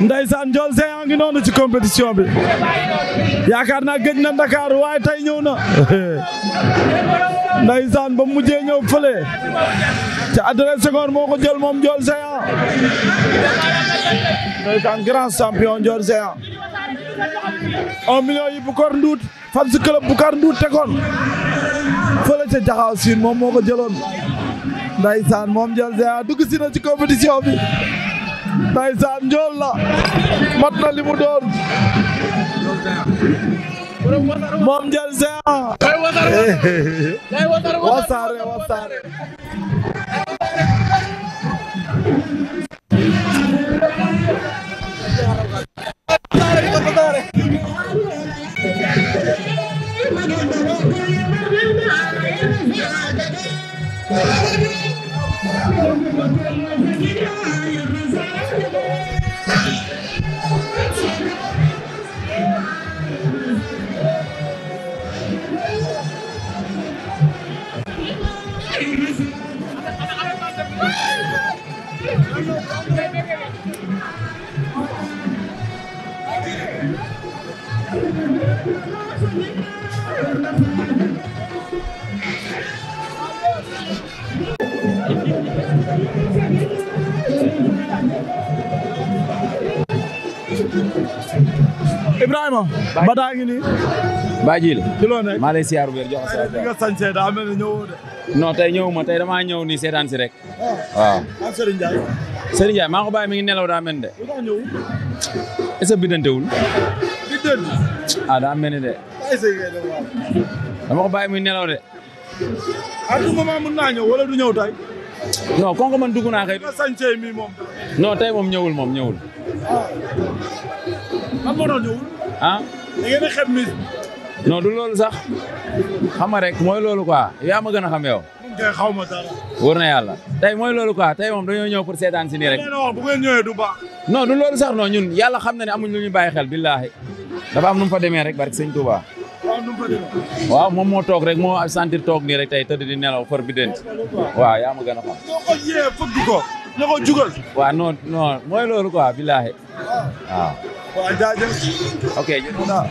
Ndeysaan Ndiol Géant ngi noonu ci compétition bi yaakaar naa gëj na Dakar waaye tey ñëw na Ndeysaan ba mujjee ñëw fale ci adresse Senghor moo ko jël moom Ndiol Géant Ndeysaan grand champion Ndiol Géant un yi Bukar Nduut fan si club Bukar Nduut tegoon fële ca Jaxaaw Siin moom moo ko jëloon Ndeysaan moom Ndiol Géant dugg si na ci compétition bi ndaysaan njool la mat na li mu doon moom njël seex wasaare wasaare Ibrahima. Bada ngi nii. Bajil. di loo bu wér jox sa de. non tey ñëwuma tey damaa ñëw nii seetaan rek. Ah. waaw. Ah, maa ko bàyyi mi ngi nelaw daa mel de. lu tax ñëw. est ce que biddantewul. Ah, de. dama ko ko man dugg naa kay. nga sañ see mi moom. man ah? a xeeb mi. non du loolu sax. xam rek mooy loolu quoi yaa ma gën a xam yow. xaw ma dara. wóor na yàlla tey mooy loolu ko tey moom dañoo ñëw pour seetaan si nii rek. non bu du baax. non du loolu sax non ñun yàlla xam na ne amuñ lu ñu bàyyi xel billaahi. dafa am nu mu fa demee rek barke sëñ Touba. waaw moom moo toog rek moo sentir toog nii rek tey tëdd di nelaw for bi dent waaw yaa ma gën a xam. ñoo ko yee fëgg waaw. waaw jaajëf. ok jërëjëf.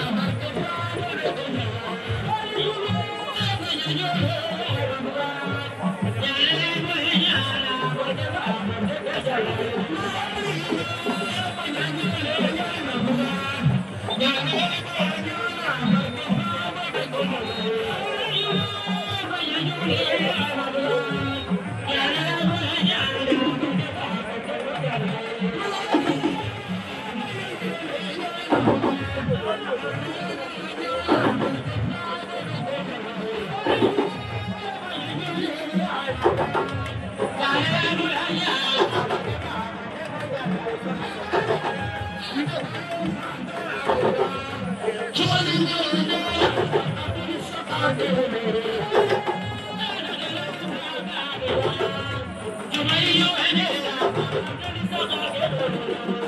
Thank you. Thank you.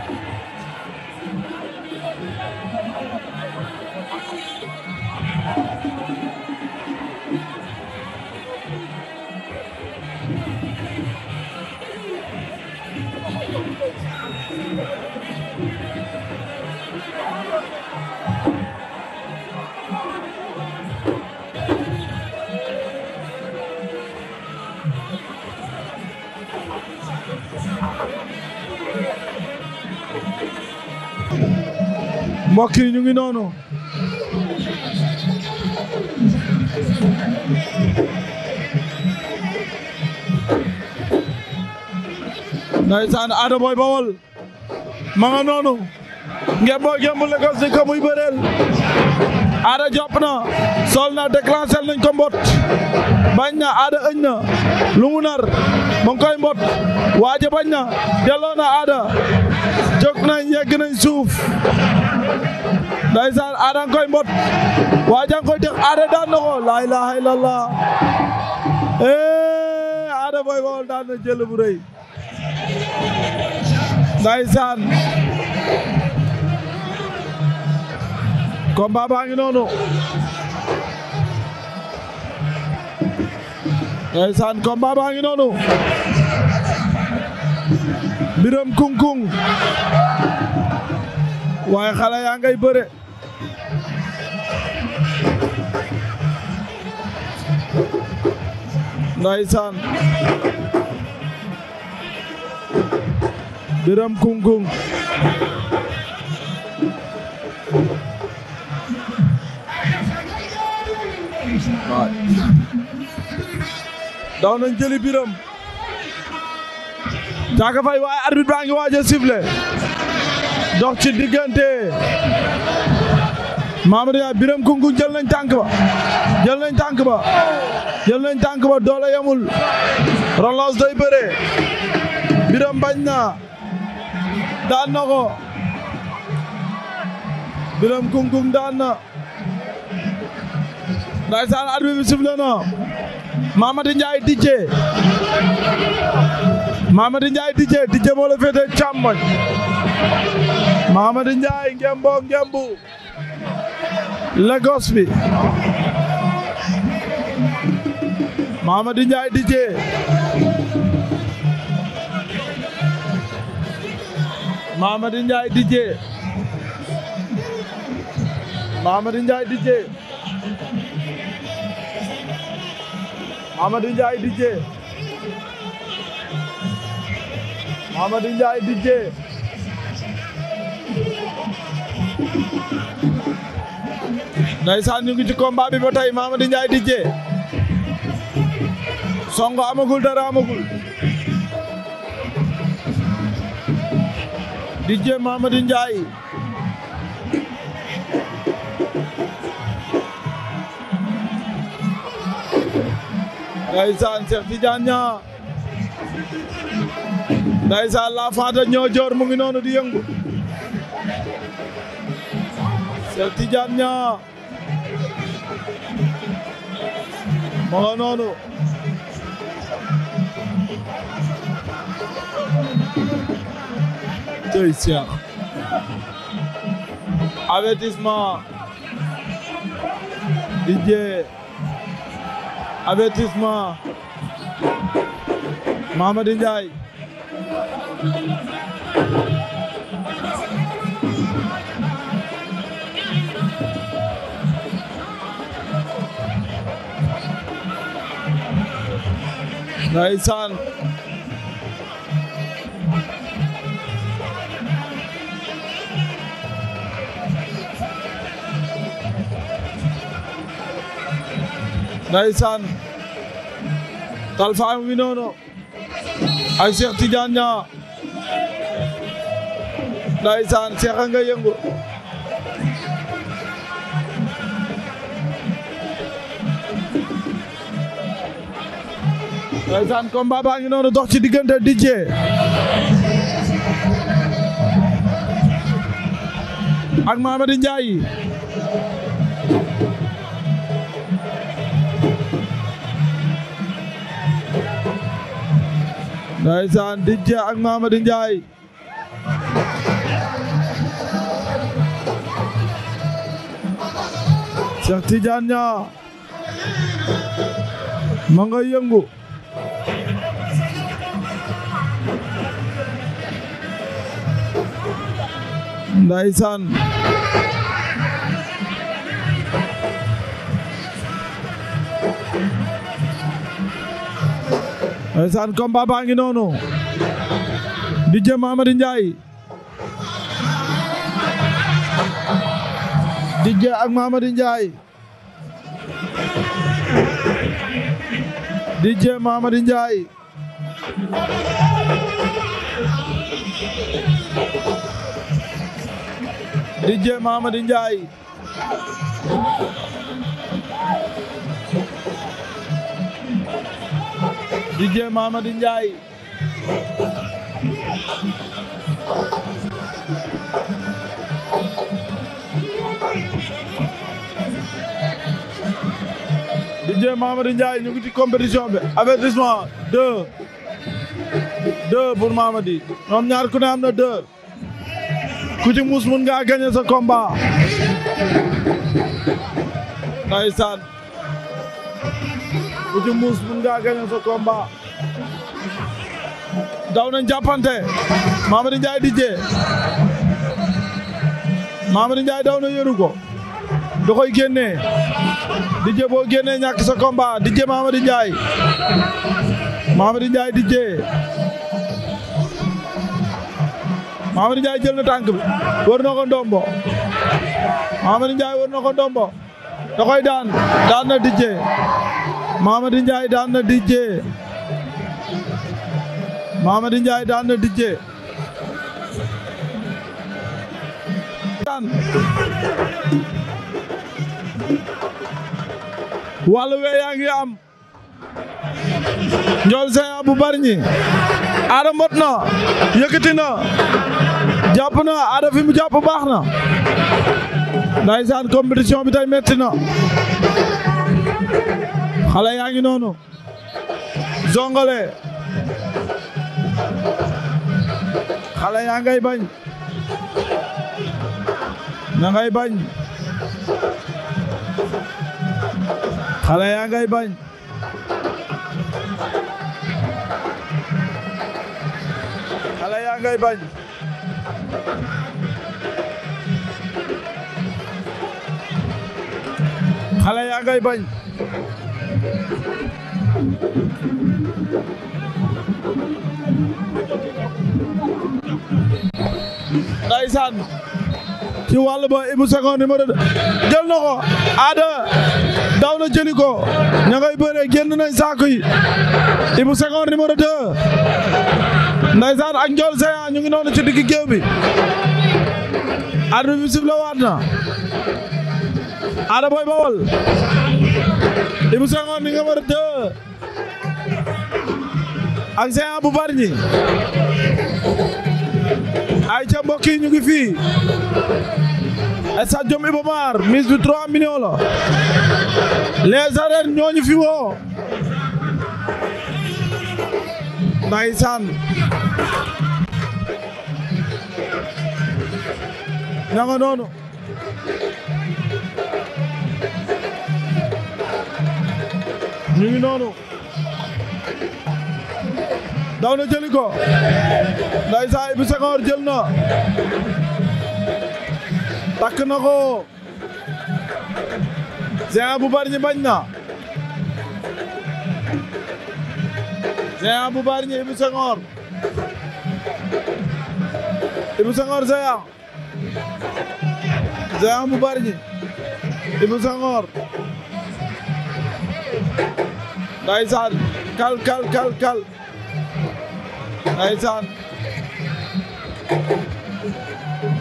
mbokk yi ñu ngi noonu. Ndeysaan Ada Boy Bawol ma noonu ngeen boo gëmb Lagos di ko bëreel Ada jàpp na sol na déclenché nañ ko bañ na Ada ëñ na nar mu mbot waaje bañ na delloo Ada jóg nañ yegg nañ suuf ndeysaan aada nga mbot waa jang koy tex aada daan ilaaha illallah ee eh, aada boy bawol jël bu rëy ndeysaan combat baa ngi noonu ndeysaan combat baa kung kung waaye xale yaa ngay ndeysaan biram kungkung daw nañ jëli biram Caaka Faye waaye arbitre baa ngi waaj a sifflé dox ci Mamadou Ndiaye Biram Kungu jël nañ tànk ba jël nañ tànk ba jël nañ tànk ba doole yamul relance day bëree Biram bañ na daan na ko Biram Kungu daan na ndaysaan arbitre bi sifflé na Mamadou Ndiaye dijje Mamadou Ndiaye dijje dijje moo la féete càmmoñ Mamadou Ndiaye ngembo ngembu Lagos bi Mamadou Ndiaye DJ Mamadou Ndiaye DJ Mamadou Ndiaye DJ Mamadou Ndiaye DJ Mamadou Ndiaye DJ ndeysaan ñu ngi ci combat bi ba tey Mamady Ndiaye Djé songo amagul dara amagul Djé Mamady Ndiaye ndeysaan Cheikh Tidiane Niang ndeysaan la faata ñoo mu ngi noonu di yëngu Cheikh Tidiane ma nga noonu tey Cheikh avertissement Didier avertissement Mamadou Ndiaye ndeysaan ndeysaan Talfa ngi noonu ak Cheikh Tidiane Niang ndeysaan Cheikh a nga yëngu ndeysaan combat baa ngi noonu dox ci diggante Didier ak Mamadi Ndiaye ndeysaan Didier ak Mamadi Ndiaye Cheikh Tidiane Niang ma nga yëngu Ndeysaan Ndeysaan combat baa ngi noonu di jëm Amady Ndiaye di jëm ak Mamadi Ndiaye di jee Mamadi Ndiaye DJ Mamadou Ndiaye ñu ngi ci compétition bi avertissement deux deux pour Mamadi ñoom ñaar ku am na deux ku ci mun ngaa gagné sa combat ndeysaan ku ci muus mun ngaa gagné sa combat daw jàppante Mamadou Ndiaye DJ Mamadou na yëru da koy génnee di jee boo génnee ñàkk sa combat di jee Mamadou Ndiaye Mamadou Ndiaye di jee Mamadou Ndiaye jël na tànk bi war na ko ndombo Mamadou Ndiaye war da daan daan na di jee Mamadou Ndiaye daan na di jee Mamadou Ndiaye daan na di daan wàllu wee yaa ngi am njool Géant bu Bargny aada mot na yëkkati na fi mu jàpp baax na ndaysaan compétition bi tey metti na yaa ngi noonu zongale xale yaa ngay bañ na ngay bañ xale yaa ngay bañ xale yaa ngay bañ xale yaa ngay bañ ci wàll ba Ibou Senghor numéro deux jël na Ada daw na jëli ko ña ngay bëree génn nañ saako yi Ibou Senghor numéro deux ak Ndiol Séya ñu ngi noonu ci digg géew bi arbitre bi sifle waat na Ada Boy Baol Ibou Senghor numéro deux ak Séya bu bari ay ca mbokk yi ñu ngi fii stade Jom Iba Mar mise bi 3 millions la les arènes ñooñu fi woo ndaysaan ña nga noonu ñu noonu daw na jëli ko ndeysaan Ibu Senghor jël na takk na ko Géant bu bar ñi bañ na Géant bu bari ñi Ibu Senghor Ibu Senghor Géant Géant bu bari ñi Ibu Senghor ndeysaan kal kal kal kal ndeysaan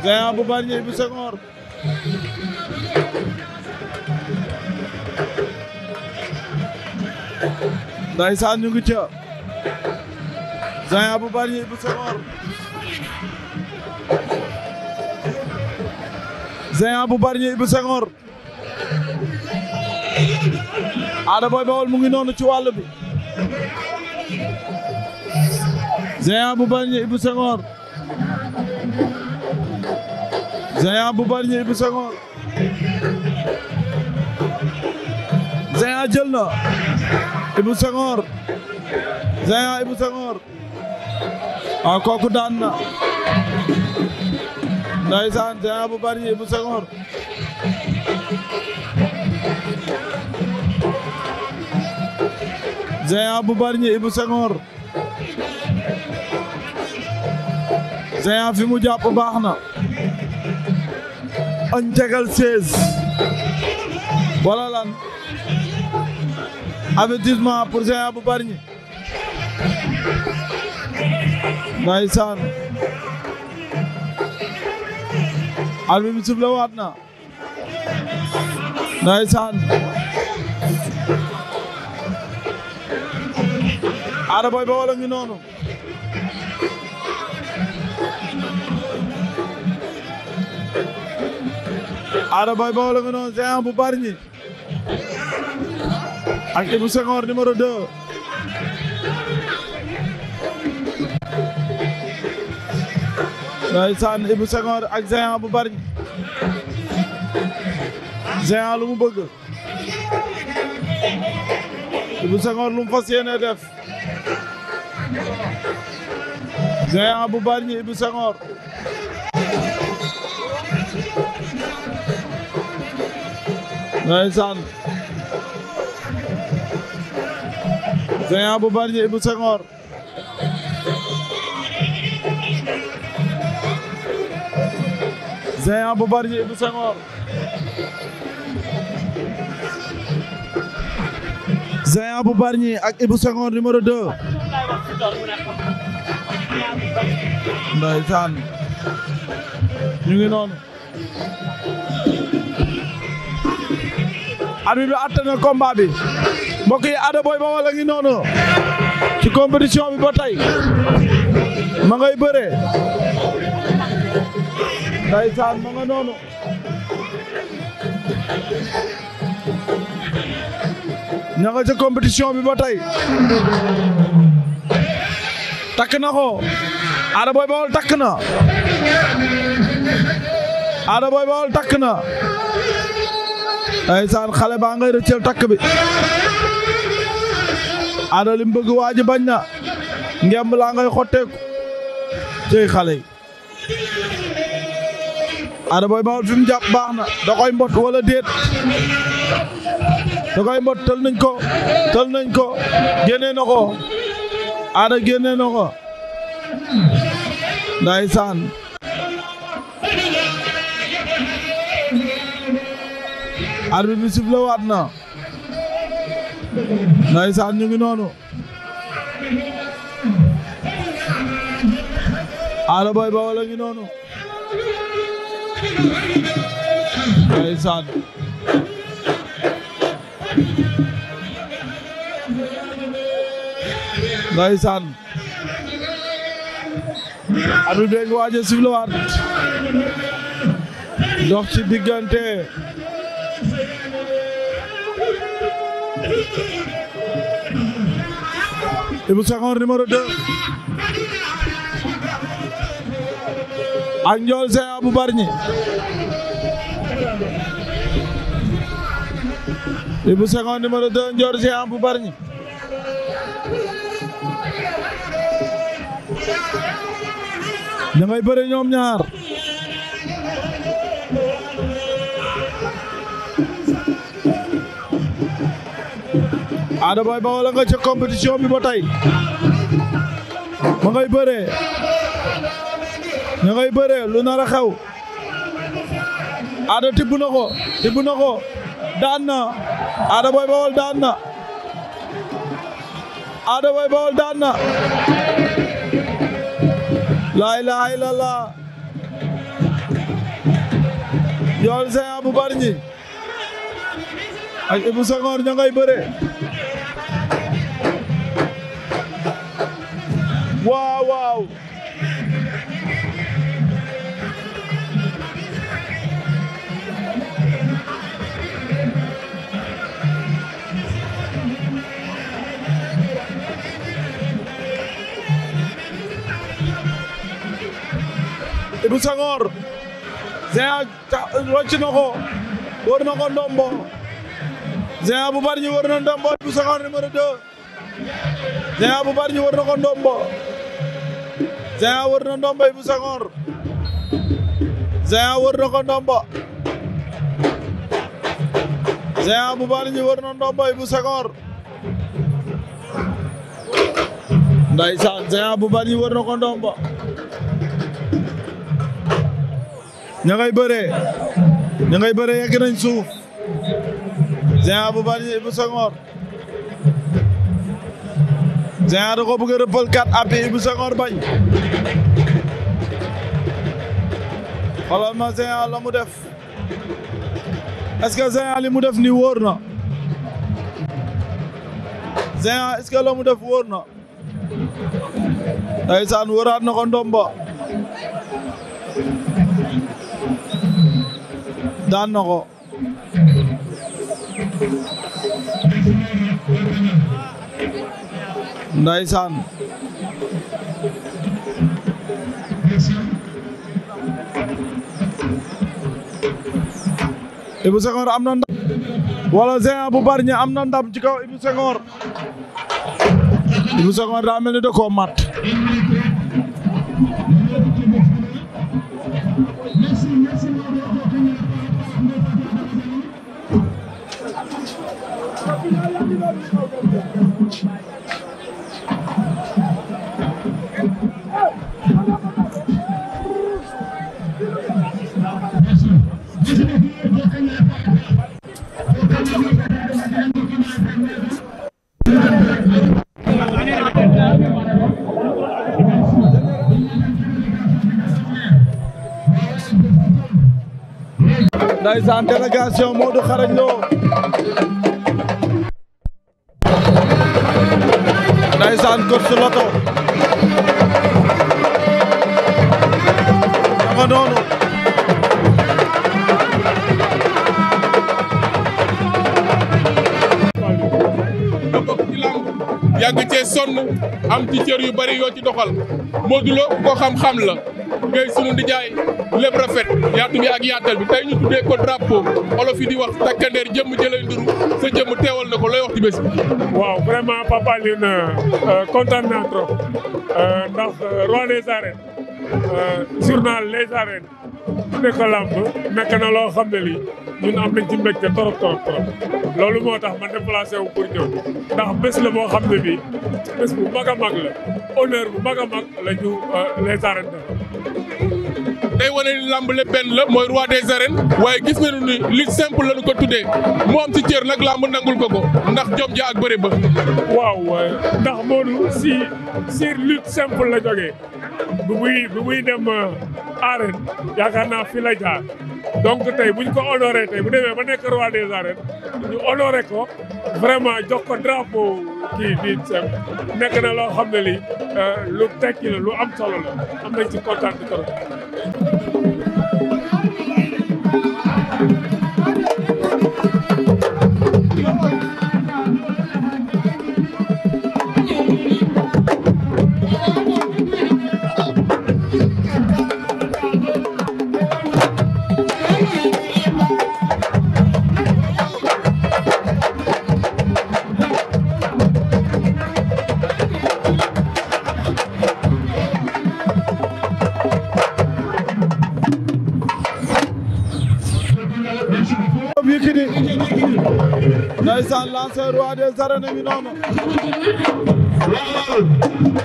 Géant bu Bargny bu Senghor ndeysaan ñu ngi ca Géant bu Bargny bu Senghor Géant bu Bargny bu Senghor Ada Boy Baol mu ngi noonu ci wàll bi Géant bu Bargny Ibou Senghor Géant bu Bargny Ibou Senghor Géant jël na Ibou Senghor Géant Ibou ah, na ndeysaan Géant bu Bargny bu Bargny Ibou Senghor Géant fi mu jàpp baax na añ tegal 16 wala lan avertissement pour Géant bu Bargny ndeysaan arbitre bi sifle waat na ndeysaan Ada Boy Baol a ngi noonu Ada Boy Baol nga noonu géant bu bari ñi ak Ibou Senghor numéro 2. ndeysaan Ibou Senghor ak géant bu bari ñi lu mu bëgg. Ibou Senghor lu mu fas yéene def. géant bu bari ñi Senghor. ndeysaan Géant bu Bargny Ibou Senghor bu Bargny Ibou Senghor bu Bargny ak Ibou Senghor numéro 2 ndeysaan ñu ngi noonu abi bi atte na combat bi mbokk yi Ada Boy Baol a ngi noonu ci compétition bi ba tey ma ngay bëre ndeysaan ma nga noonu ña nga ca compétition ba tey takk na ko Ada Boy Baol takk na Ada Boy Baol takk na ndeysaan xale baa ngay rëccel takk bi ana li mu bëgg waa bañ na ngemb laa ngay xotteeku cey xale yi ada boy bawol fi mu jàpp baax na da mbot wala déet da koy mbot tël nañ ko tël nañ ko génnee na ko ada génnee na ko ndeysaan arbitre bi sifflé waat na ndaysaan ñu ngi noonu Ada Boy Baol a ngi noonu ndaysaan ndaysaan arbitre bi ngi waaj a sifflé waat dox ci diggante Ibou Sakhor numéro 2 ak Ndiol Sey Abou Bargny Ibou Sakhor numéro 2 Ndiol Sey Abou Bargny da ngay bëre ñoom ñaar Ada Boy Baol nga ca compétition bi ba tey ma ngay bëree ña ngay bëree lu nar a xew Ada tibb na ko tibb daan na Ada Boy Baol daan na Ada Boy Baol daan na laa ilaaha illallaah yool Géant bu Bargny ak ña ngay bëree waaw waaw Ibou Senghor Géant wàcc na ko wër na ko ndombo Géant bu bari ñu wër na ndombo Ibou Senghor numéro 2 Géant bu bari ñu wër na ko ndombo Géant wër na ndomba Ibou Senghor wër na ko ndomba Géant bu baax wër na ndomba Ibou Senghor bu baax ñu wër na ko ndomba ña ngay bëree ña ngay bëree yegg bu baax ñu Ibou Senghor Géant da ko bëgg a kat appi Ibou Senghor bañ xoolal ma Géant la mu def est-ce que Géant li mu def ni wóor na Géant est la mu def wóor na ndeysaan wóoraat na ko ndomba daan Ibou Senghor am na ndam wala Géant bu Bargny am na ndam ci kaw Ibou segoor Ibou Senghor daa mel ni da koo mat ndeysaan délégation Modou yàgg cee sonn am ci cër yu bari yoo ci doxal Modou Lo ko xam-xam la ngay sunu di lépp rafet yaatum yaag yaatal bi tey ñu tuddee ko drapeau olof yi di wax takkandeer jëmm jëlay nduru sa jëmm teewal na ko looy wax ci bés bi waaw vraiment Papa Alioune euh, euh, euh, ndax roi des arènes journal les arènes ne ko làmb nekk na loo xam ne lii ñun am nañ ci mbégte trop tax ma déplacé wu pour ndax bés la boo xam bés bu mag a mag la honneur bu mag a mag la ñu les day wane ni lamb lépp la mooy roi des arènes waaye gis nañu ni li la lañu ko tuddee mu am ci cër nag lamb nangul ko ko ndax jom ja ak bëri ba. waaw ndax Modou si si lutte simple la jógee bu muy bu muy dem euh, arène yaakaar naa fi la jaar donc tey buñ ko honoré tey bu demee ba nekk roi des arènes ñu honoré ko vraiment jox ko drapeau kii bii simple nekk na loo xam ne li euh, lu tekki la lu am solo la am nañ ci kontaan trop. Thank you. ndeysaan l'ancien roi des ngi noonu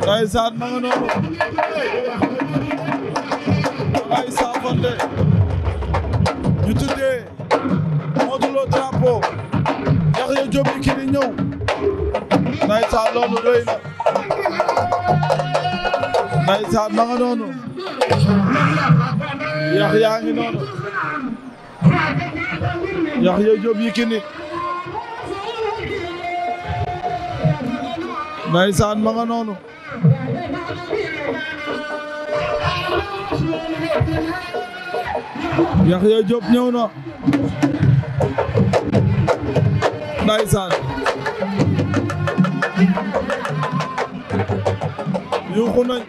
ndeysaan ma nga noonu ay saafonte ñu tuddee Modou Lo drapeau Yaxya Jóob ki di ñëw ndeysaan loolu doy na ndeysaan ma nga noonu Yaxya ngi noonu Yaxya Jóob Yékini ndeysaan ma nga noonu Yaxya Diop ñëw na ndeysaan yuuxu nañ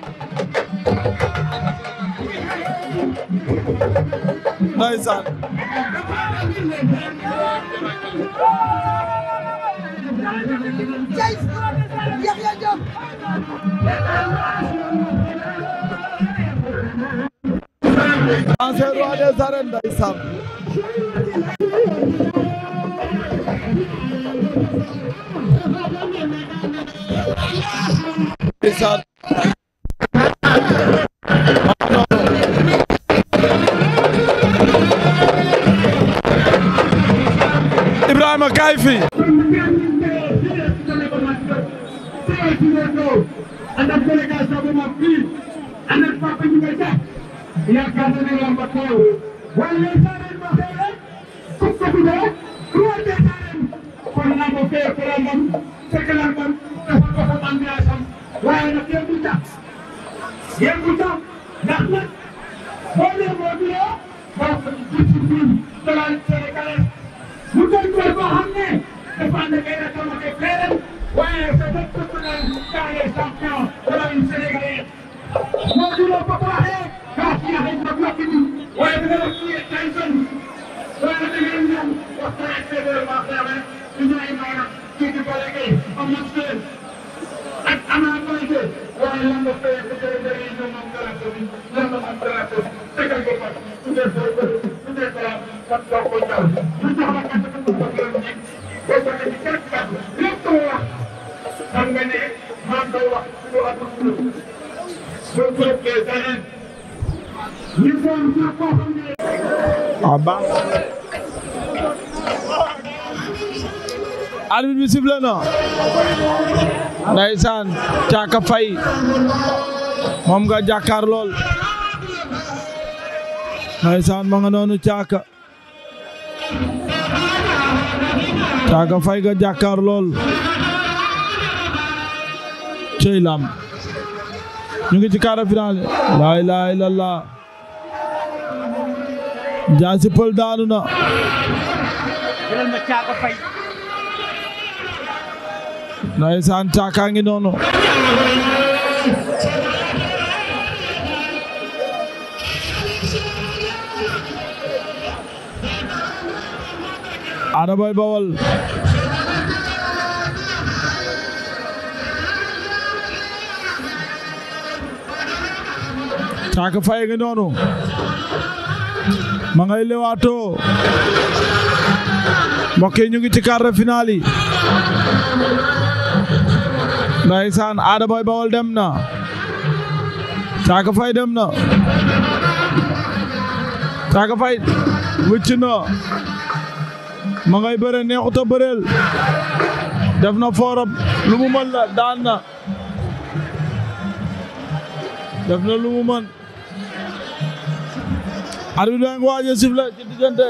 ndeysaan Yahya Diop ancien roi des Aba ah arbitre bi sifflé na Caaka Fay moom nga jàkkaar lool Ndeysaan ma nga noonu caaka caaka fay ga jàkkaar lool cey lam ñu ngi ci quart de finale laa ilaaha illallah jaasi pël daanu na Ndeysaan caaka ngi noonu Ada Boy Bawol Caaka Faye ngi noonu ma ngay lewaatoo mbokk yi ñu ngi ci quart de finale yi ndaysaan Ada Bawol dem na Caaka Faye dem na Caaka Faye wëcc na ma ngay bëre neexut bëreel def na foorab lu la daan na def na lu mu mën arbitre bi ngi waaj a sifle ci diggante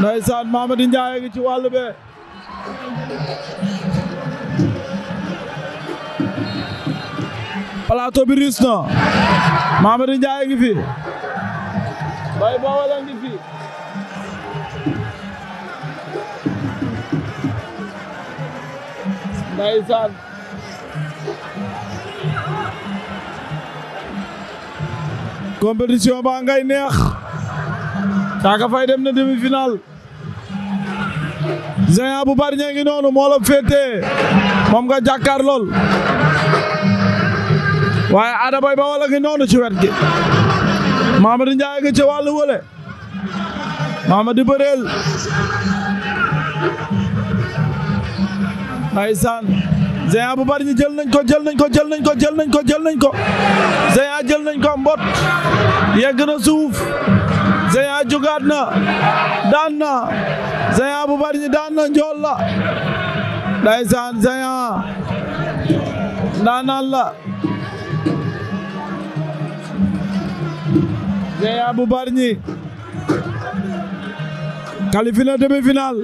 ndeysaan Mamadi Ndiaye gi ci wàllu be plateau bi riis na Mamadi Ndiaye gi fi Boy Baol a ngi fi ndeysaan compétition ba ngay neex Caaka Faye dem na demi-finale Géant bu bari ña ngi noonu moo la moom nga jàkkaar lool waaye Ada Boy Baol a noonu ci wet gi Mamadou Ndiaye nga ca wàllu wële Mamadou bëreel ndeysaan Géant bu bari ñu jël nañ ko jël nañ ko jël nañ ko jël nañ ko jël nañ ko Géant jël nañ ko mbot yegg na suuf Géant jugaat na daan na Géant bu bari ñu daan na njool la ndeysaan Géant daan na la Géant bu Bargny qualifié na demi-finale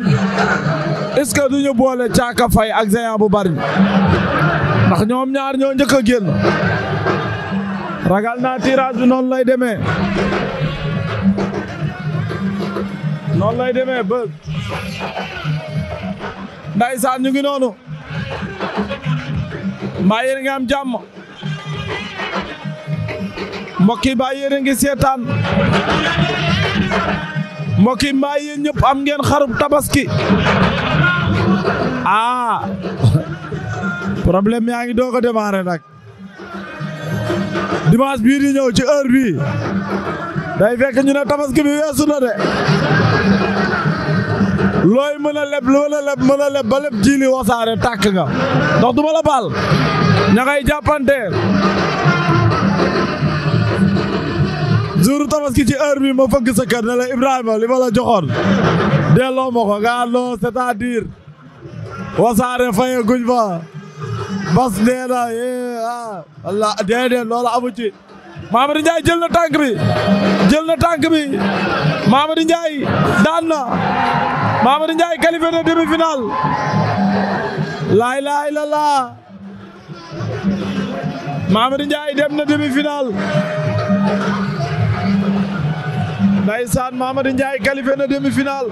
est-ce que duñu boole Caaka Faye ak Géant bu Bargny ndax ñoom ñaar ñoo njëkk a génn ragal naa tirage bi noonu lay demee noonu lay demee bëgg ndaysaan ñu ngi noonu mbaa yéen nga am jàmm mbokki yi mbaa a ngi seetaan mbokki yi mbaa yéen ñëpp am ngeen xarub tabaski ah problème yaa ngi doog a dak nag dimanche bii di ñëw ci heure bii day fekk ñu ne tabaski bi weesu na de looy mën a leb mën a leb mën a leb ba leb jiili wasaare tàkk nga ndax du la baal ña ngay jour tabaski ci heure bi ma fëgg sa kër ne la Ibrahima li ma la joxoon delloo ma ko nga non c'est-à-dire wasaare bas nee na yee eh, ah Allah déedéet loolu amu ci Mamadou Ndiaye jël na tànk bi jël na tànk bi Mamadou Ndiaye daan na Mamadou Ndiaye qualifié na demi-finale laa ilaaha illallaah Mamadou Ndiaye demi-finale Ndeysaan Mamadou Ndiaye qualifié na demi-finale.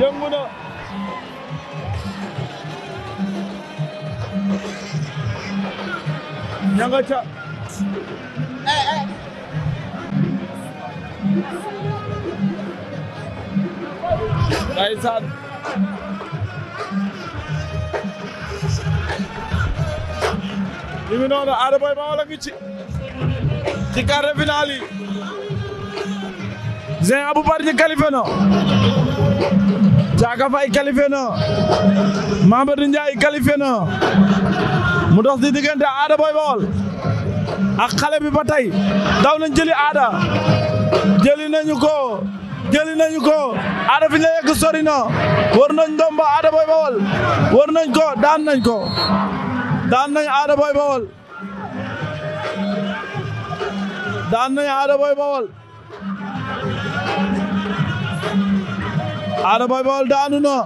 yëngu na. ña nga ca. Ndeysaan. ñu ngi noonu Ada Boy Baol a ngi ci. ci quart de finale yi Dieng Aboubardi qualifié na Thiaka Faye qualifié na mu dox di diggante Ada Boy Baol ak xale bi ba tey daw nañ jëli Ada jëli nañu ko jëli nañu ko Ada fi ñu sori na war nañ ndomba Ada Boy Baol war nañ ko daan nañ ko daan nañ Ada Boy daan nañ Ada Boy Baol Ada Boy na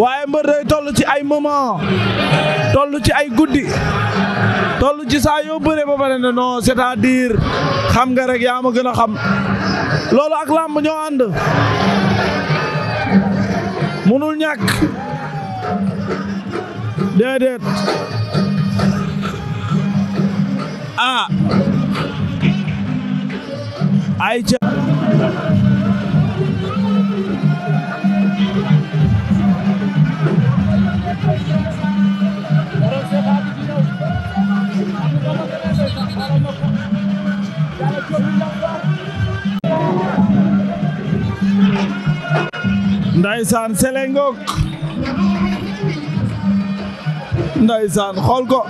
waaye mbër day ci ay moment toll ci ay guddi toll ci saa yoo bëree ba pare ne non c'est-à-dire xam nga rek yaa ma gën a xam loolu ak làmb ñoo ànd munul ñàkk déedéet ah ayca Ndaysaan Sélé Ngok Ndaysaan xool ko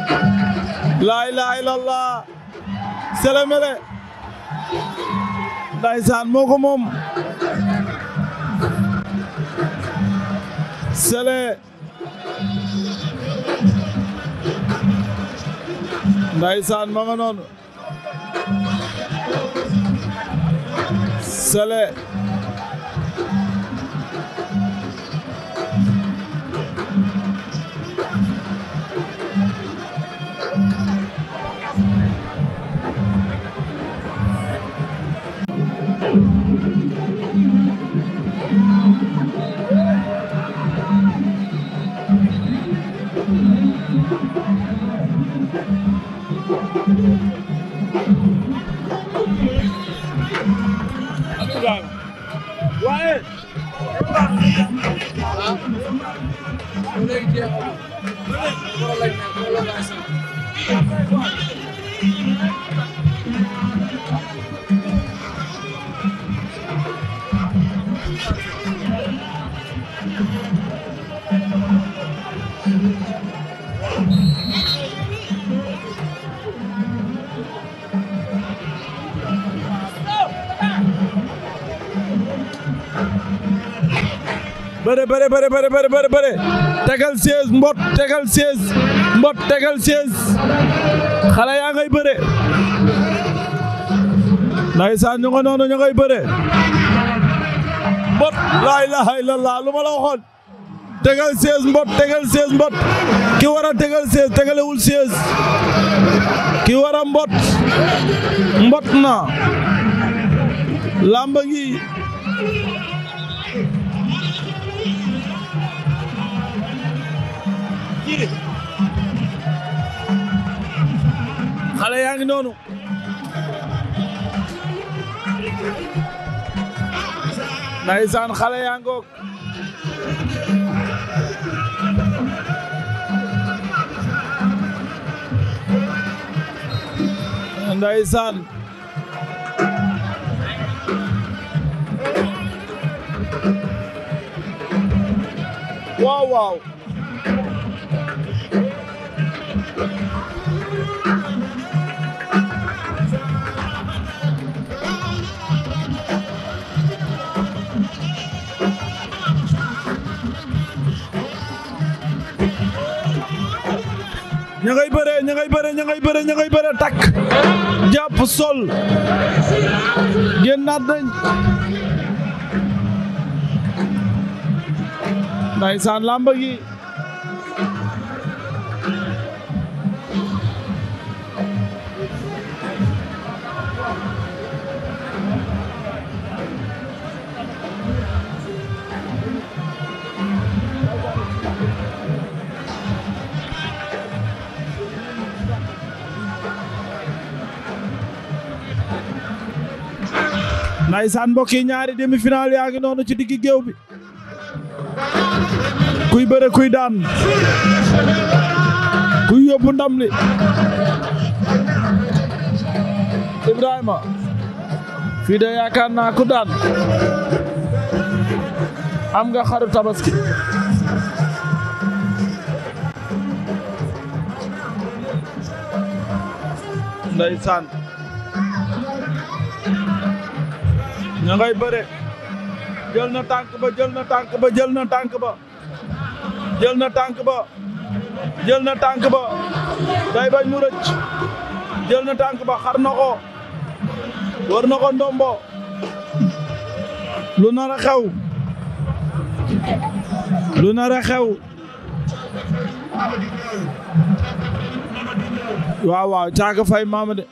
laa ilaaha illallaah Sélé Mélé ndaysaan moo ko moom Sélé ndaysaan ma nga noonu Sélé waaye bëre bëre bëre bëre bëre bëre tegal 16 mbot tegal 16 mbot tegal 16 xale yaa ngay bëre ndaysaan ñu nga noonu ñu ngay bëre mbot laa ilaha illallah lu ma la waxoon tegal 16 mbot tegal 16 mbot ki war a tegal 16 tegalewul 16 ki war a mbot mbot na lamba ngi jiiri xale xale yaa ngoog waaw waaw ña ngay bëree ña ngay bëree ña ngay bëree ña ngay bëree takk jàpp sol génnaat nañ ndaysaan làmb gi ndaysaan mbokk yi ñaari demi-finale yaa ngi noonu ci diggi géew bi kuy bëre kuy daan kuy yóbbu ndam li Ibrahima fii de yaakaar naa ku daan am nga xaru tabaski ndaysaan ña ngay bëre jël na tànk ba jël na tànk ba jël na tànk ba jël na tànk ba jël na tànk ba day bañ mu jël na tànk ba xar na ko war na ko ndombo lu nar a xew lu nar a xew waaw waaw caaka fay maama de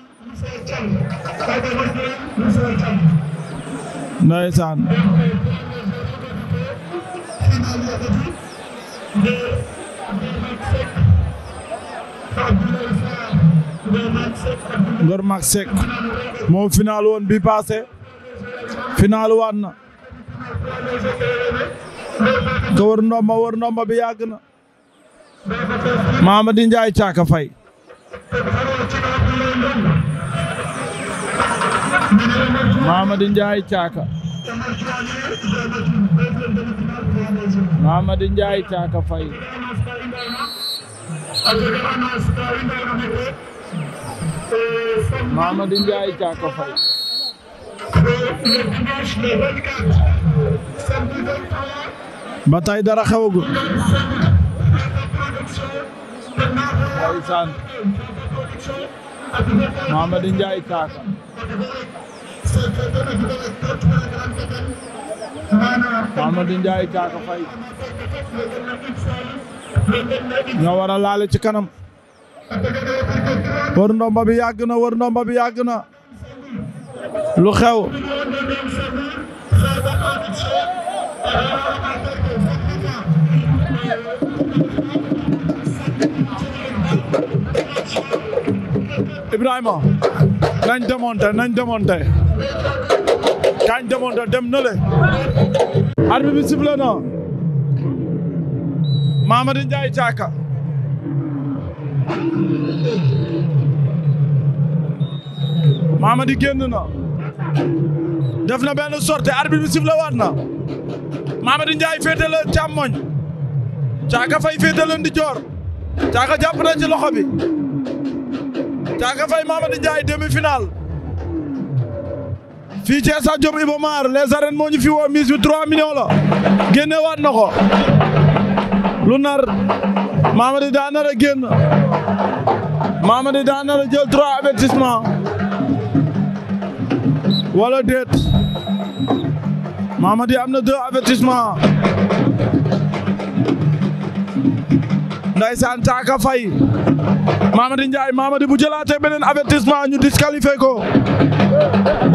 ndeysaan Ngor Mak Seck moo final woon bi paase final waat na ka wër ndomba wër ndomba bi yàgg na Mamadi Njaay caaka fay Mamady Ndiaye Thiaka Mamady Ndiaye Thiaka Faye Mamady Ndiaye Thiaka ba tey dara xewagul ndeysaan Mamadi Njaay Kaaka Mamadi Njaay ñoo wara a laale ci kanam wër ndomba bi yàgg na wër ndomba bi yàgg na lu xew Ibrahima nañ démonter nañ démonter kañ démonter dem na le arbitre bi sifflé na Mamadi Ndiaye Thiaka Mamadi na def na benn sortie arbitre bi sifflé waat na Mamadi Ndiaye féete la càmmoñ Thiaka Faye féete la ndijoor Thiaka jàpp na ci loxo Caaka Faye Mamady Ndiaye demi-finale fii ci stade Diop Iba Mar les moo ñu fi woo mise bi 3 millions la génne waat na lu nar Mamady daa nar a génn Mamady daa nar a jël 3 avertissement wala déet Mamady am na 2 avertissement ndaysaan Caaka Faye Mamady Ndiaye Mamady bu jëlaatee beneen avertissement ñu disqualifié ko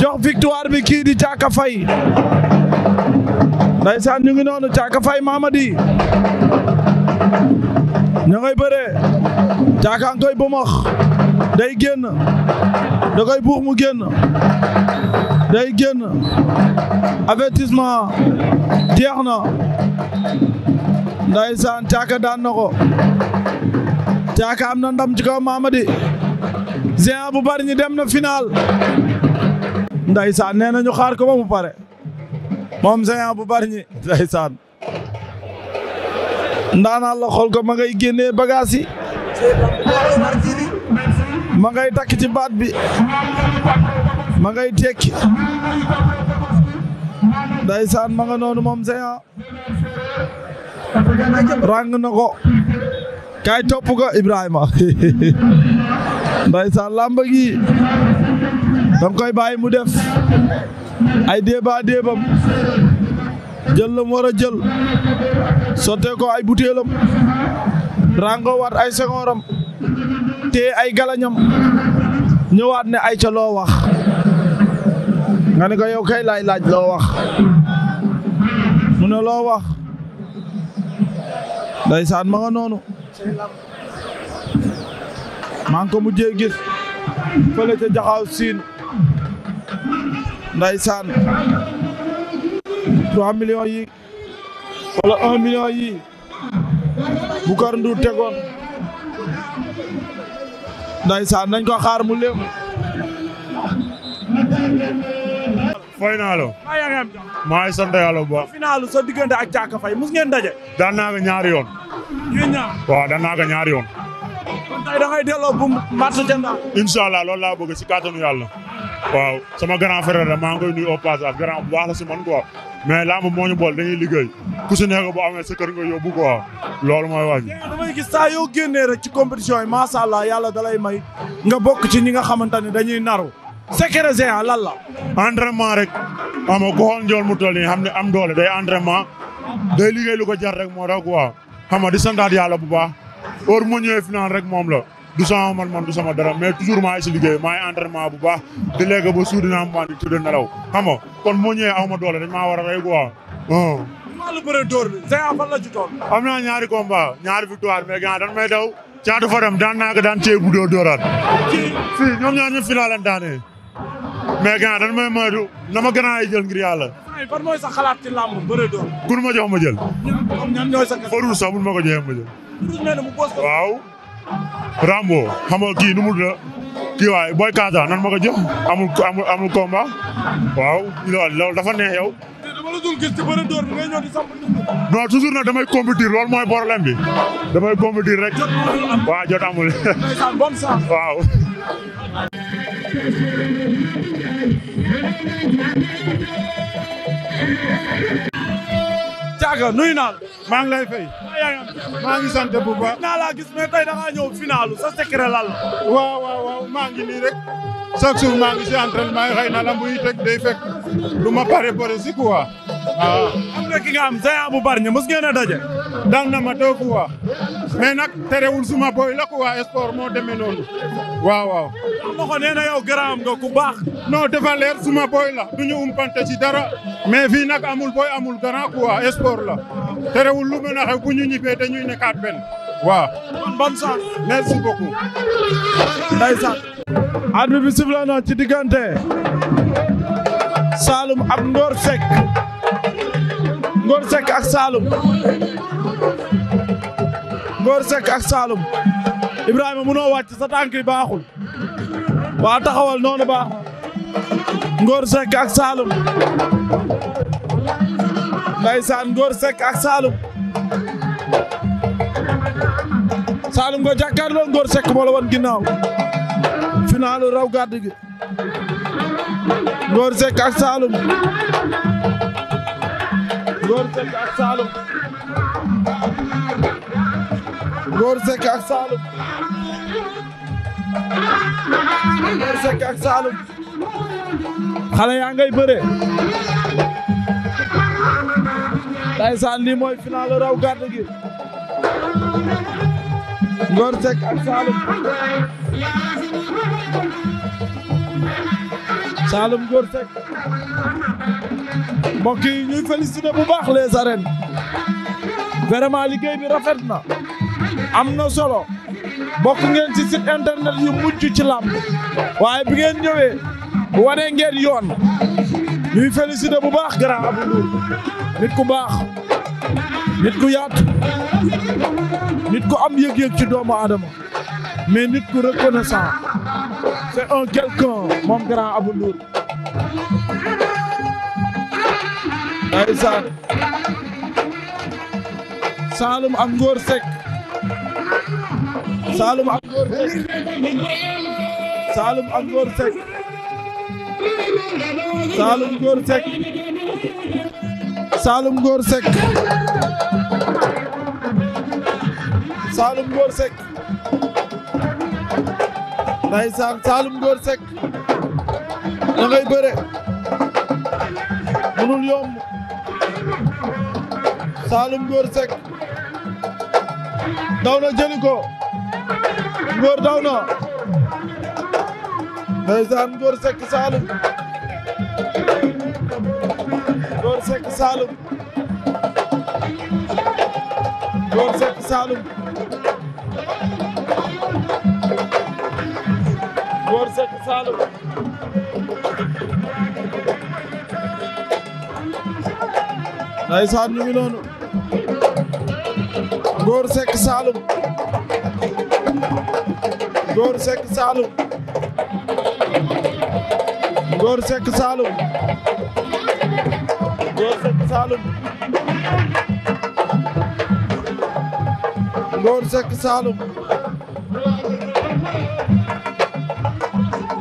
jox victoire bi kii di Thiaka Faye ndaysaan ñu ngi noonu Thiaka Faye Mamady ña ngay day génn da koy buux mu génn day génn avertissement jeex na ndaysaan Thiaka daan na Caaka am na ndam ci kaw Mamadi Géant bu bari ñi dem na final ndaysaan nee nañu ñu xaar ko ba mu pare moom Géant bu bari ñi ndaysaan ndaanaan la xool ko ma ngay génnee bagaas yi ma ngay takk ci baat bi ma ngay tekki ndaysaan ma nga noonu moom Géant ràng na ko kaay topp ko Ibrahima ndeysaan làmb gi dang koy bàyyi mu def ay déeba déebam jël la war jël sotte ay butéelam rango waat ay sengoram te ay galañam ñëwaat ne ay ca loo wax nga ko yow kay laay laaj loo wax mu ne loo wax ndeysaan ma nga noonu maa ngi ko mujjee gis fële ca jaxaaw siin ndaysaan trois millions yi wala un million yi Boucar Ndour tegoon ndaysaan nañ ko xaar mu léem fay naa la. maa yaa ngi am jàmm. maa ngi sant yàlla sa diggante ak Caaka Faye mus ngeen daje. daan naa ko ñaari yoon. yéen ñaar. waaw daan naa ko ñaari yoon. kon tey laa bëgg si kàttanu yàlla. waaw sama grand frère la maa ngi koy nuyu au passage grand la si man quoi. mais làmb moo ñu bool dañuy liggéey ku si nekk boo amee sa kër nga yóbbu loolu mooy wàññi. damay gis saa ci compétition yi macha allah yàlla dalay may nga bokk ci ñi nga xamante ne dañuy naru secret géant lan la. entraînement rek xam nga ku xool njool mu toll nii ne am doole day entraînement day liggéey lu ko jar rek moo tax quoi xam nga di santaat yàlla bu baax heure bu ma rek moom la. du sama man man du sama dara mais toujours maa ngi si liggéey maa ngi entraînement bu baax di lekk ba suur dinaa mën di tudd nelaw xam nga kon moo ñëwee ma doole dañ maa war a rey quoi. wàllu bëre dóor bi Géant fan la ñaari combat ñaari victoire mais Géant dañ may daw caatu fa dem daan naa ko daan téye bu dóor mais gannaaw dañ may moytu na ma gannaaw yi jël ngir yàlla. fan mooy sa xalaat ci làmb bëre doon. ma jox ma jël. ñan ñooy sa faru sax bu ma ko joxee waaw. Rambo xam nga nu mu la kii waay booy Kaasa nan ma ko amul amul amul combat waaw loolu dafa neex yow. dama la dul gis ci bëre door bi ngay ñëw damay compétir loolu rek. waaw jot amul. waaw. Thiaka nuyu naa la maa ngi lay fay. maa ngi bu baax. naa laa gis mais tey da ngaa ñëw finalu sa secret lan la. waaw waaw maa ngi nii rek chaque jour maa ngi si entraînement yi xëy na la muy teg day fekk lu ma pare pare si quoi. waaw ah. am nga nga am Géant bu Bargny mos ngeen a daje. daan na ma deux fois mais nag terewul suma boy la quoi sport moo demee noonu waaw waaw. ma ko nee na yow nga ku baax. noo dafa leer suma boy la du ñu umpante si dara mais fii nag amul boy amul grand quoi sport la teewul lu mën a xew bu ñu ñibbee dañuy nekkaat benn. waaw. bonne chance. merci beaucoup. ndeysaan. arbitre bi ci diggante Saloum ak Ngor Seck Ngor Seck ak Saloum Ngor Seck ak Saloum Ibrahima mënoo wàcc sa tànk yi baaxul waa taxawal noonu baax Ngor ak Saloum ndeysaan Ngor Seck ak Saloum Saloum nga jàkkaarloo Ngor Seck moo la wan ginnaaw finalu raw gàdd gi Ngor Seck ak Saloum Ngor Seck ak Saloum Ngor Seck ak Saloum Ngor Seck ak Saloum xale yaa ngay bëre ndaysaan lii mooy final raw gàdd gi Ngor Seck ak Saloum ñuy félicité bu baax les arènes vraiment liggéey bi rafet na am na solo bokk ngeen ci site internet yu mujj ci làmb waaye bi ngeen ñëwee wane ngeen yoon ñuy félicité bu baax grand nit ko baax nit ku yaatu nit ku am yëg-yëg ci doomu aadama mais nit ku reconnaissant c'est un quelqu'un moom grand Abou Ndour ndeysaan Saalum ak Ngor Seck Saalum ak Saloum Ngor Seck Saloum Ngor Seck ndeysaan Saloum Ngor Seck na ngay bëre mënul yomb Saloum Ngor Seck daw na jëli ko Ngor daw na ndeysaan Ngor Seck Saloum Seck Saloum Ngor Seck Saloum Ngor Seck Saloum ndeysaan ñu ngi noonu Ngor Seck Saloum Ngor Seck Saloum Ngor Seck Saloum Ngor Seck Saloum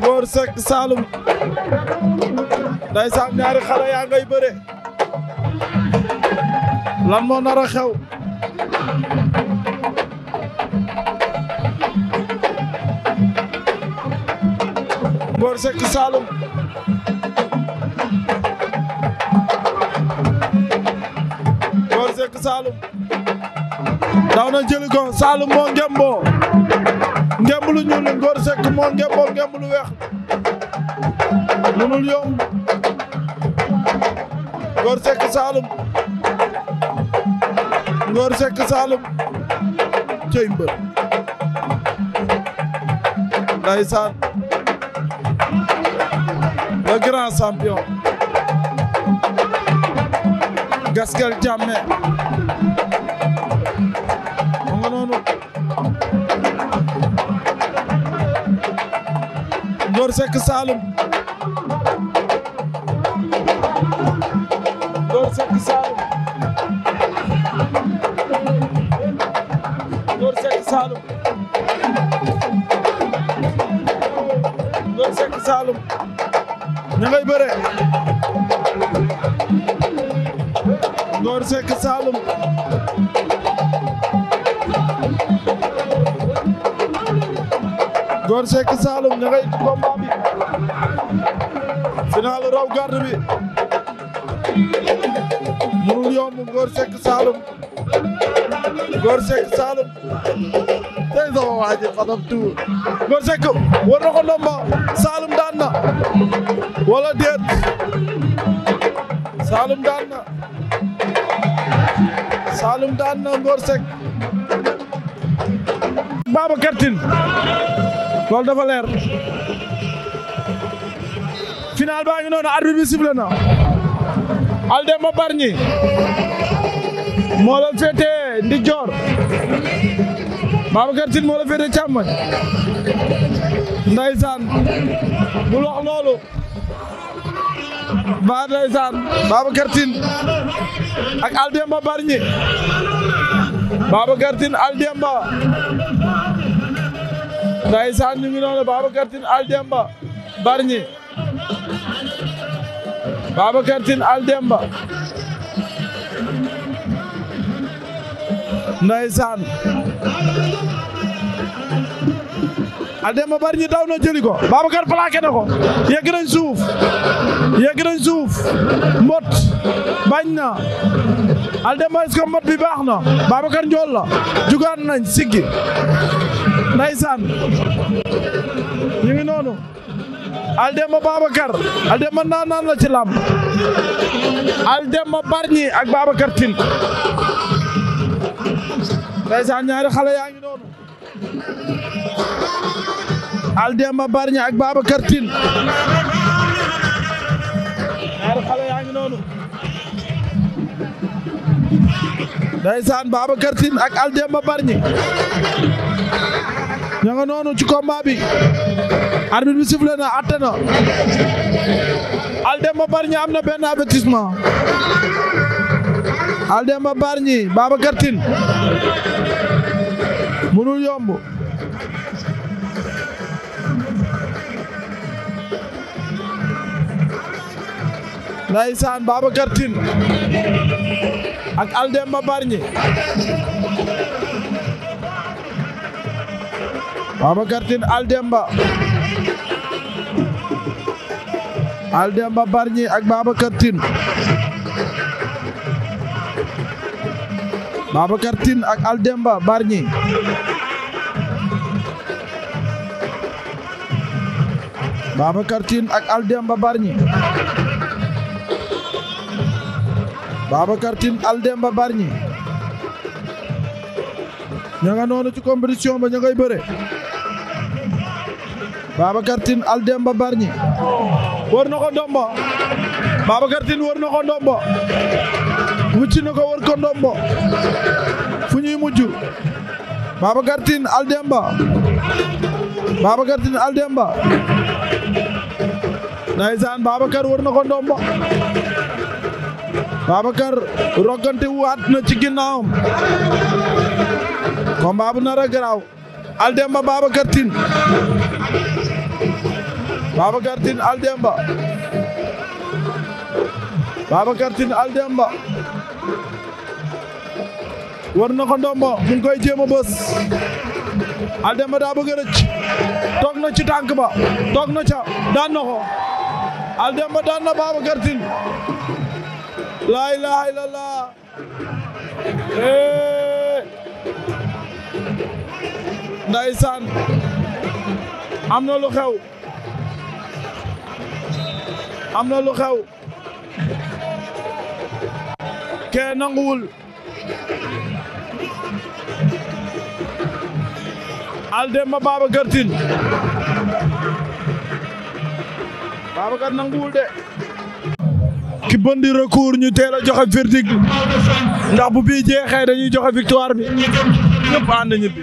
Ngor Seck Saloum ndaysaan ñaari xale yaa bëre lan a xew Ngor Seck Saloum daw na jëli ko Saloum moo ngemboo ngemb lu ñuul Ngor Seck moo ngemboo ngemb lu weex munul yomb Ngor Seck Saloum Ngor Seck Saloum cey mbër ndeysaan le grand champion Gaskel Jammeh Seck Saloum Ngor Seck Saloum Ngor Seck Saloum Ngor Seck Saloum ña ngay bëre Ngor Seck Saloum Ngor Seck Saloum ña ngay combat final raw garde bi munul yomb Ngor Seck Saloum Ngor Seck Saloum tey sama waa ji Fadam Tour Ngor Seck war na ko ndomba Saloum daan na wala déet Saloum daan na Saloum daan na Ngor Seck Babacar Tine loolu dafa leer final baa ngi noonu arbitre Al Demba Bargny moo la féete ndijoor Babacar Tine moo la féete càmmoñ bul wax loolu ba ndeysaan Babacar Tine Al Demba Bargny ngi noonu Babacar Babacar Tine Aldemba ndeysaan Aldemba bari ñu daw na jëli ko Babacar plaqué na ko yegg nañ suuf yegg suuf mbot bañ na Aldemba est-ce que mbot bi baax na Babacar njool la jugaan nañ siggi ndeysaan ñu ngi Aldemba Babacar Aldemba ndaanaan la ci làmb Aldemba Bargny ak Babacar Tine ndeysaan ñaari xale yaa ngi noonu Aldemba Bargny ak Babacar Tine ñaari xale yaa ngi noonu ndeysaan Babacar Tine ak Aldemba Bargny ña nga noonu ci combat bi arbitre bi na atte na Aldemba Bargny am na benn avertissement Aldemba Bargny Babacar Tine mënul yomb Ndeysaan Babacar Tine ak Aldemba Bargny Babacar Tine Aldemba Aldemba Bargny ak Babacar Tine Babacar Tine ak Aldemba Bargny Babacar Tine ak Aldemba Bargny Babacar Tine Aldemba Bargny ña nga noonu ci compétition ba ña ngay bëre Babacar Tine Aldemba Bargny wër na ko ndombo Babacar Tine wër na ko ndombo wucci na ko wër ko ndombo fu ñuy mujj Babacar Tine Aldemba Babacar Tine Aldemba ndaysaan Babacar wër na ko ndombo Babacar rokkante waat na ci ginnaawam combat bu nar a garaaw Aldemba Babacar Tine Babacar Tine Aldemba Babacar Tine Aldemba war na ko ndombo koy jéem a bës Aldemba daa bëgg a rëcc na ci tànk ba toog na ca daan na ko Aldemba daan na Babacar Tine laa ilaaha illallah ee ndeysaan am na xew am na lu xew kee nanguwul Aldemba Babacar Tine Babacar nanguwul de ki bëndi ñu teel a joxe verdict ndax bu bii jeexee dañuy joxe victoire bi ñëpp ànd ñibbi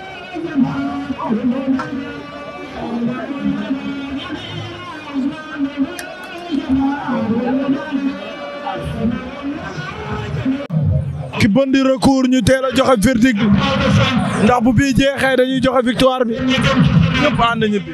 ki bon di ñu teel a joxe verdict ndax bu bii jeexee dañuy joxe victoire bi ñëpp ànd ñibbi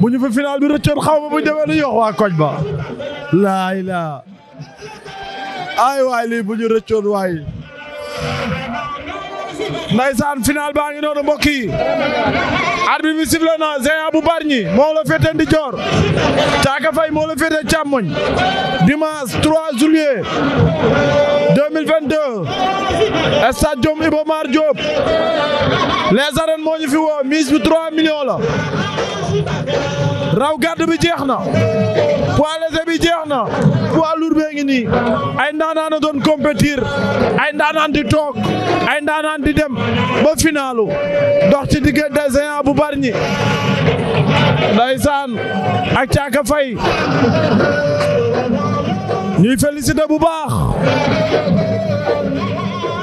bu ñu fa final bi rëccoon xaw ma bu ñu demee nu yox waa koñ ba laa ay waay bu ñu rëccoon waay ndaysaan final baa ngi noonu mbokk arbitre bi sifflé na Géant bu Bargny moo la féete ndijoor Caaka Faye moo la féete càmmoñ dimanche 3 juillet 2022 stade Iba Mar Diop les arènes moo ñu fi woo mise bi 3 millions la raw gàdd bi jeex na poids léger bi jeex na poids lourd bee ngi nii ay ndaanaan a doon compétir ay ndaanaan di toog ay ndaanaan di dem ba finalu dox ci diggante Géant bu Bargny ndaysaan ak Caaka Fay ñuy félicité bu baax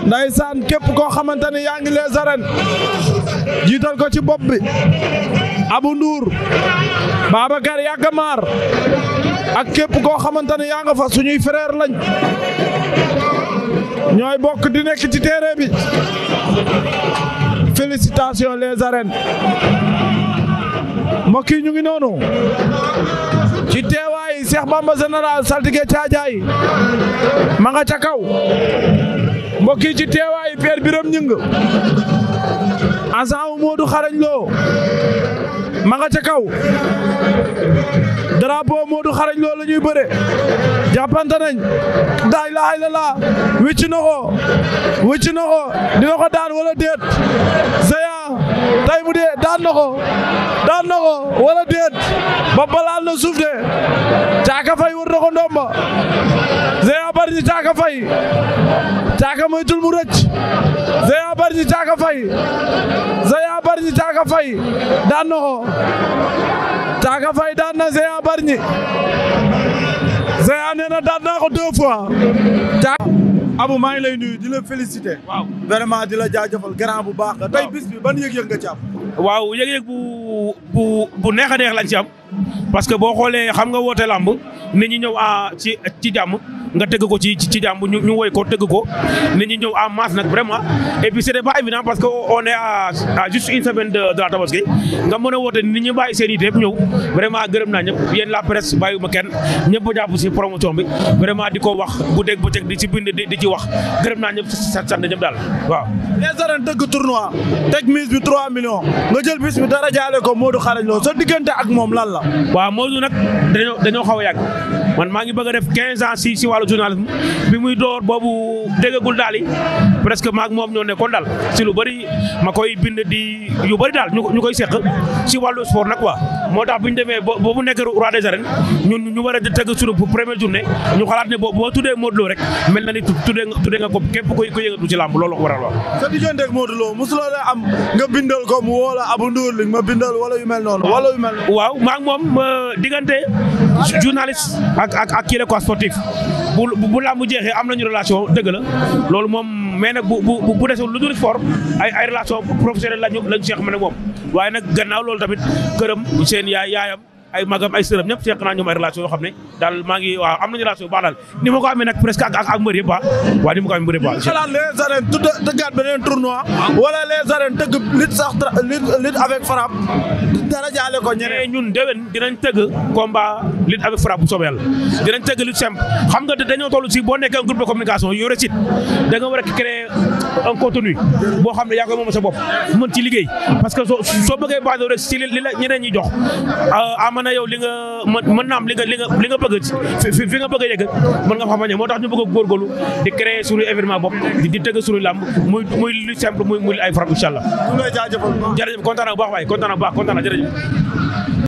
ndaysaan képp koo xamante ne yaa ngi les arènes jiital ko ci bopp bi Abou Ndour Babacar Yakamar ak képp koo xamante ne yaa nga fa suñuy frère lañ ñooy bokk di nekk ci terrain bi félicitations les arènes mbokk ñu ngi noonu ci teewaayu Cheikh Bamba général saltige caajaay ma nga ca kaw mbokk yi ci teewaayu Père Birame Gningue agent wu Modou Xarañ Lo ma nga ca kaw drapeau Modou Xarañ la ñuy bëre jàppante nañ daay la laa wicc na ko daan wala déet tay mu dee daan na daan na wala déet ba balaal na suuf de caaka fay war na ko ndomba Géant Bargny caaka fay caaka moytul mu rëcc Géant Bargny caaka fay Géant Bargny caaka fay daan na caaka fay daan na Géant Bargny Géant nee na daan naa ko Abou maa ngi lay nuyu di la féliciter. waaw vraiment di la jaajëfal grand bu baax. waaw tey bis ban yëg-yëg nga ci am. waaw yëg-yëg bu bu neex a neex lañ ci am. parce que boo xoolee xam nga woote làmb nit ñi ñëw à ah, ci ci jàmm nga tëgg ko ci ci jàmm ñu ñu woy ko tëgg ko nit ñi ñëw en ah, masse nag vraiment et puis c'était pas évident parce que on a à à juste une semaine de de la tabaski nga mën a woote nit ñi bàyyi seen yite yëpp ñëw vraiment gërëm naa ñëpp yéen la presse bàyyiwuma kenn ñëpp a si promotion bi vraiment di ko wax bu dégg bu teg di ci bind di ci wax gërëm naa ñëpp sant ñëpp daal waaw. les arènes tëgg tournoi teg mise bi 3 millions nga jël bis bi dara jaale waaw Modou nag dañoo xaw a yàgg maa ngi bëgg a def 15 ans si si wàllu journalisme bi muy door boobu déggagul daal yi presque maag moom ñoo nekkoon daal si lu bëri ma koy bind di yu bëri daal ñu koy seq si wàllu sport nag wa moo tax bu ñu demee boobu nekk roi des arènes ñun ñu war a tëgg suñu première journée ñu xalaat ne boo tuddee Modou Lo rek mel na ni tuddee nga tuddee nga ko képp koy ko yëngatu ci loolu ko waral wax sa digganteeg Modou Lo mosuloo am mu woo la Abou Ndour li ma moom euh, digante journaliste ak ak ak kii la quoi sportif bu bu làmb jeexee am nañu relation dëgg la loolu moom mais nag bu bu bu desul lu dul sport ay ay relation professionnelle lañu lañu seex ma ne moom waaye nag gannaaw loolu tamit këram seen yaay yaayam. ay magam ay sërëm ñëpp seeq naa ñoom ay relation yoo xam ne daal maa ngi am nañu relation bu baax daal ni ma ko amee nag presque ak ah. ni ma ko amee mbër yëpp waa ah. xalaat les arènes tudd beneen tournoi wala les arènes tëgg lutte sax lutte avec frappe dara jaale ko ñeneen ñun déwén dinañ tëgg combat lutte avec frappe bu soobee yàlla dinañ tëgg lutte simple xam nga dañoo toll si boo nekkee groupe de communication yore site da nga war a créer un contenu boo xam ne yaa koy moom sa bopp mën parce que soo bëggee basé rek ñeneen ñi jox euh, na a li nga mën na am li nga li nga li nga bëgg fi fi nga bëgg a yegg mën nga fa bañ moo tax ñu bëgg a góorgóorlu di créer suñu événement bopp di tëgg suñu làmb muy muy lu simple muy muy ay frappe incha allah. jërëjëf kontaan naa bu baax waay kontaan naa bu baax